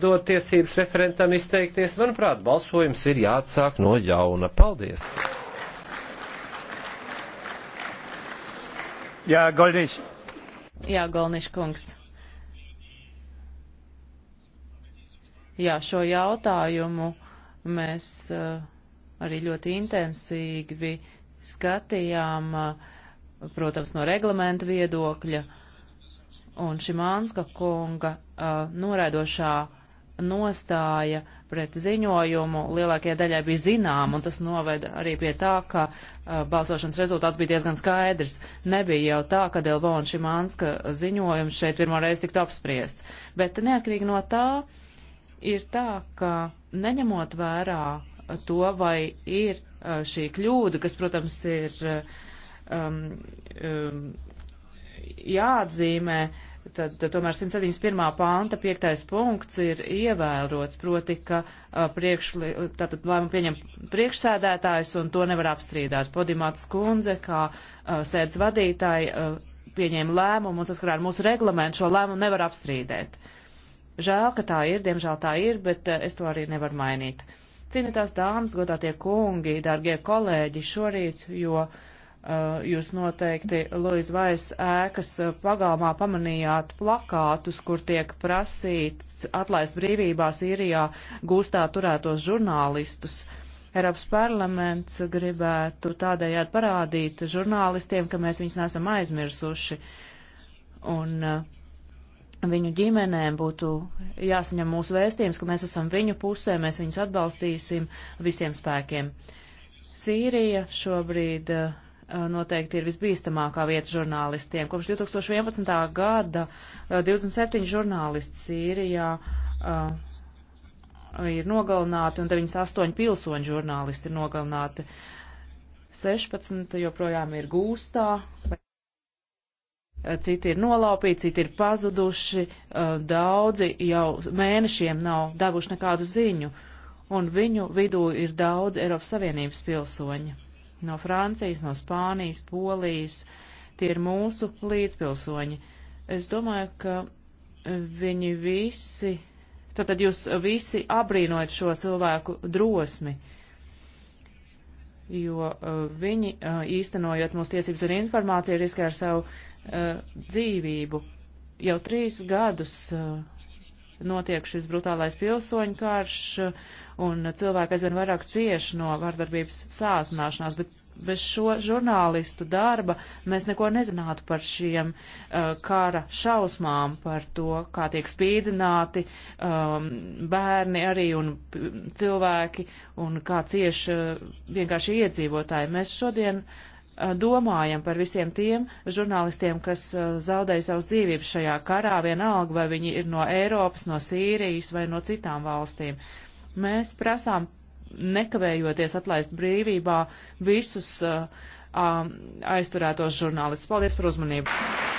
dot tiesības referentam izteikties. Manuprāt, balsojums ir jāatsāk no jauna. Paldies! Jā, Golniš. Jā, Golniš kungs. Jā, šo jautājumu mēs uh, arī ļoti intensīvi skatījām, uh, protams, no reglamenta viedokļa, un Šimānska kunga uh, noraidošā nostāja pret ziņojumu lielākajai daļai bija zinām, un tas noveda arī pie tā, ka uh, balsošanas rezultāts bija diezgan skaidrs. Nebija jau tā, ka Delvona Šimanska ziņojums šeit pirmoreiz tiktu apspriests. Bet neatkarīgi no tā, ir tā, ka neņemot vērā to, vai ir uh, šī kļūda, kas, protams, ir uh, um, um, jāatzīmē, uh, tad, tad tomēr 171. pānta piektais punkts ir ievērots, proti, ka priekšli, tātad lēmumu pieņem priekšsēdētājs un to nevar apstrīdāt. Podimāts kundze, kā sēdes vadītāji, pieņēma lēmumu un saskarā ar mūsu reglamentu šo lēmumu nevar apstrīdēt. Žēl, ka tā ir, diemžēl tā ir, bet es to arī nevaru mainīt. Cienītās dāmas, godātie kungi, dārgie kolēģi, šorīt, jo uh, Eh, jūs noteikti Lois Vais ēkas eh, pagalmā pamanījāt plakātus, kur tiek prasīts atlaist brīvībā Sīrijā gūstā turētos žurnālistus. Eiropas parlaments gribētu tādējādi parādīt žurnālistiem, ka mēs viņus nesam aizmirsuši. Un uh, viņu ģimenēm būtu jāsaņem mūsu vēstījums, ka mēs esam viņu pusē, mēs viņus atbalstīsim visiem spēkiem. Sīrija šobrīd uh, Eh, noteikti ir visbīstamākā vieta žurnālistiem. Kopš 2011. gada 27 eh, žurnālisti Sīrijā eh, ir nogalināti un 98 pilsoņu žurnālisti ir nogalināti. 16 joprojām ir gūstā. Citi ir nolaupīti, citi ir pazuduši, daudzi jau mēnešiem nav devuši nekādu ziņu, un viņu vidū ir daudz Eiropas Savienības pilsoņu no Francijas, no Spānijas, Polijas. Tie ir mūsu līdzpilsoņi. Es domāju, ka viņi visi, tātad jūs visi abrīnojat šo cilvēku drosmi, jo uh, viņi, uh, īstenojot mūsu tiesības un informāciju, riskē ar savu uh, dzīvību. Jau trīs gadus notiek šis brutālais pilsoņu karš un cilvēki aizvien vairāk cieš no vardarbības sāsināšanās, bet bez šo žurnālistu darba mēs neko nezinātu par šiem uh, kara šausmām, par to, kā tiek spīdzināti um, bērni arī un cilvēki un kā cieši uh, vienkārši iedzīvotāji. Mēs šodien Eh, domājam par visiem tiem žurnālistiem, kas eh, zaudēja savus dzīvības šajā karā, vienalga vai viņi ir no Eiropas, no Sīrijas vai no citām valstīm. Mēs prasām nekavējoties atlaist brīvībā visus uh, aizturētos žurnālistus. Paldies par uzmanību!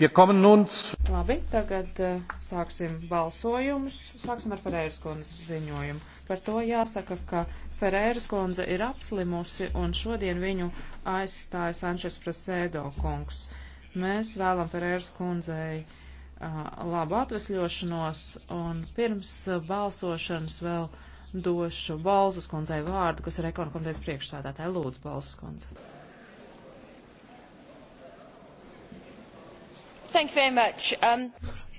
Labi, tagad uh, sāksim balsojumus. Sāksim ar Ferēras kundzes ziņojumu. Par to jāsaka, ka Ferēras kundze ir apslimusi un šodien viņu aizstāja Sančes Prasēdo kungs. Mēs vēlam Ferēras kundzei uh, labu atvesļošanos un pirms uh, balsošanas vēl došu Balzas kundzei vārdu, kas ir ekonomikas priekšsādātāja. Lūdzu, Balzas kundze. Um...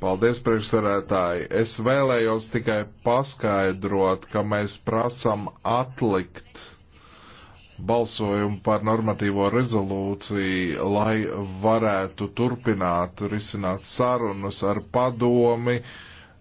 Paldies, priekšsarētāji. Es vēlējos tikai paskaidrot, ka mēs prasam atlikt balsojumu par normatīvo rezolūciju, lai varētu turpināt risināt sarunas ar padomi. Uh,